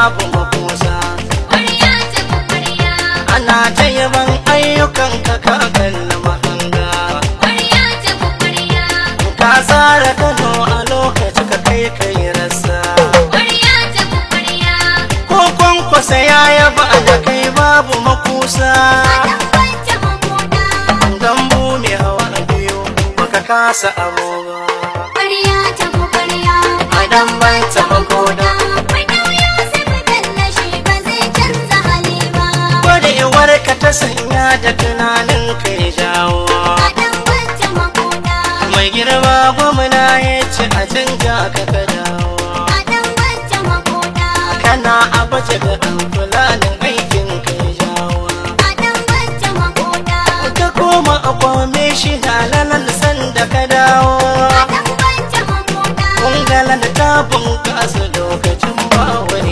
babu makusa ana ta yaban ayyukan ka kakan na mahanga ka tsara kano a lokaci ka kai kai rasa ko kwankwasa ya yaba a da kai babu makusa gambu mai hawa biyu baka kasa abu sanya da tunanin kai jawo mai girma gwamna ya ce a canja ka ka dawo kana a bace da ɗan aikin kai jawo ka koma a kwame shi halalan sanda ka dawo kungalan tabin kasu lokacin ba wani